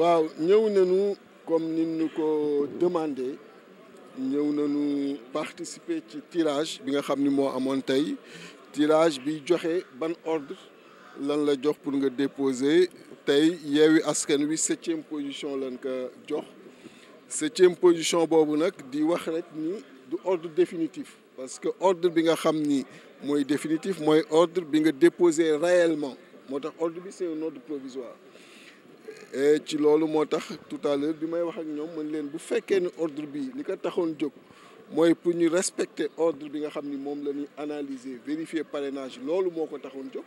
waaw ñëw nañu comme ni ñu ko demandé ñëw nañu participer ci tirage bi nga xam ni moo amoon tey tirage bi joxe ban ordre lan la jox pour nga déposer tey Yewwi Askan Wi septième position lan ko jox septième position boobu nag di wax rek ni du ordre définitif parce que ordre bi nga xam ni mooy définitif mooy ordre bi nga déposer réellement moo tax ordre bi c'est un ordre provisoire et eh, ci loolu moo tax tout à l'heure bi may wax ak ñoom mën leen bu fekkee ne ordre bi li ko taxoon jóg mooy pour ñu respecter ordre bi nga xam ni moom la ñuy analyser vérifier parrainage loolu moo ko taxoon jóg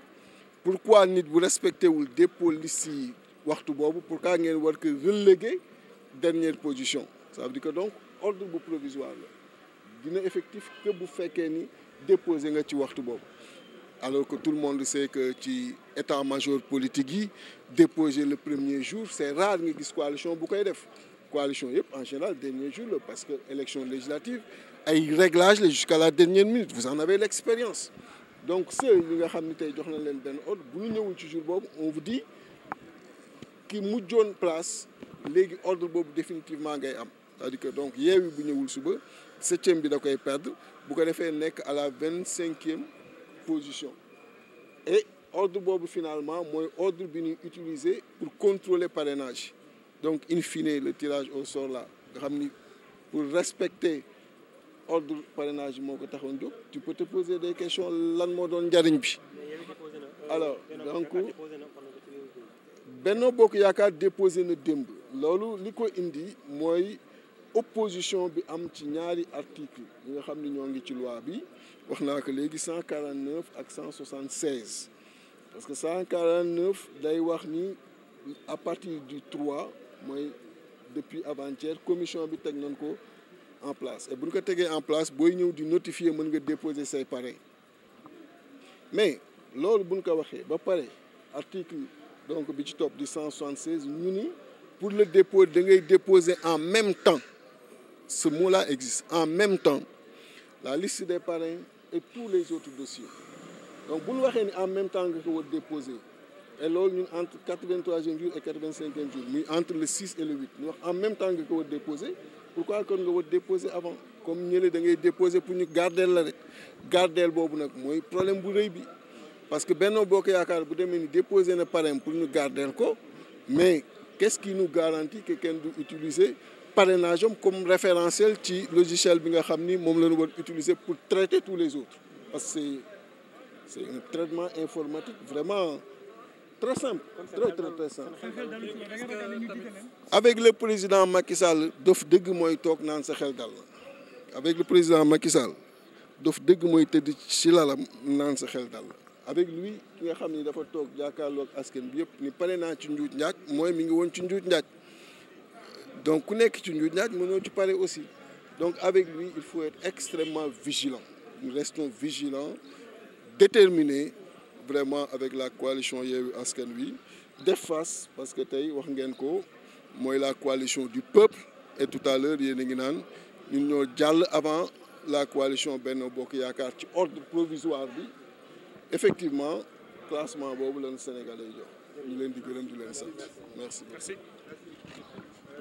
pourquoi nit bu respecté wul dépôt liste yi waxtu boobu pourquoi ngeen war ko reléguer dernière position ça veut dire que donc ordre bu provisoire la dina effectif que bu fekkee ni déposé nga ci waxtu boobu alors que tout le monde sait que ci état-major politique yi déposer le premier jour c'est rare nga gis coalition bu koy def coalition yëpp en général dernier jour la parce que élection législative ay réglage la jusqu'à la dernière minute vous en avez l'expérience donc ceux yi nga xam ne tey jox na leen benn ordre bu ñu ñëwul ci jur boobu on vous dit ki mujjoon place léegi ordre boobu définitivement ngay am cest à que donc yeewi bu ñëwul suba septième bi da koy perdre bu ko defee nekk à la vingt cinquième position et ordre boobu finalement mooy ordre bi nu utiliser pour contrôler parrainage donc in fine le tirage au sort la nga xam ni pour respecter ordre parenage moo ko taxoon jóg tu peux te poser des questions lan moo doon njariñ bi alors Benno Bokk Yaakaar déposé na démb loolu li ko indi mooy opposition bi am ci ñaari article yi nga xam ni ñoo ngi ci loi bi wax naa ko léegi cent quarante neuf ak cent soixante seize parce que cent quarante neuf day wax ni à partir du trois mooy depuis avantière commission bi teg nañ ko en place et bu ñu ko tegee en place booy ñëw di notifier mën nga déposer say pare mais loolu bu ñu ko waxee ba pare article donc bi ci topp di cent soixante seize ñu ni pour le dépôt da ngay déposer en même temps ce mot-là existe. En même temps, la liste des parrains et tous les autres dossiers. Donc bu ñu waxee ni en même temps nga ko war déposer et loolu ñun entre quatre-vingt-troisième jour et quatre-vingt-cinquième jour muy entre le six et le huit ñu wax en même temps nga ko war déposer pourquoi kon nga war déposer avant comme ñële dangay ngay déposer pour ñu gardeel la rek gardeel boobu nag mooy problème bu rëy bi parce que Benno Bokk Yaakaar bu demee ni déposé na parrain pour ñu gardeel ko mais qu'est-ce qui nous garantit que kenn du utiliser parrainage am comme référentiel ci logiciel bi nga xam ni moom la ñu war utiliser pour traiter tous les autres parce que c'est un traitement informatique vraiment très simple très avec le président Macky Sall dof dëgg mooy toog naan sa xel dal la avec le président Macky Sall dof dëgg mooy tëdd ci lalam naan sa xel dal la avec lui ki nga xam ni dafa toog jàkkaarloog askan bi yëpp ni pare naa ci njuuj njaaj mooy mi ngi woon ci njuuj njaaj donc ku nekk ci njuuj njaaj mënoo ci pare aussi donc avec lui il faut être extrêmement vigilant nous restons vigilants déterminés vraiment avec la coalition Yewwi Askan Wi def face parce que tey wax ngeen ko mooy la coalition du peuple et tout à l'heure yéen a ngi naan ñun ñoo jàll avant la coalition Benno Bokk Yaakaar ci ordre provisoire bi effectivement classement boobu lañu Sénégalais jox ñu leen di gërëm di leen sant merci.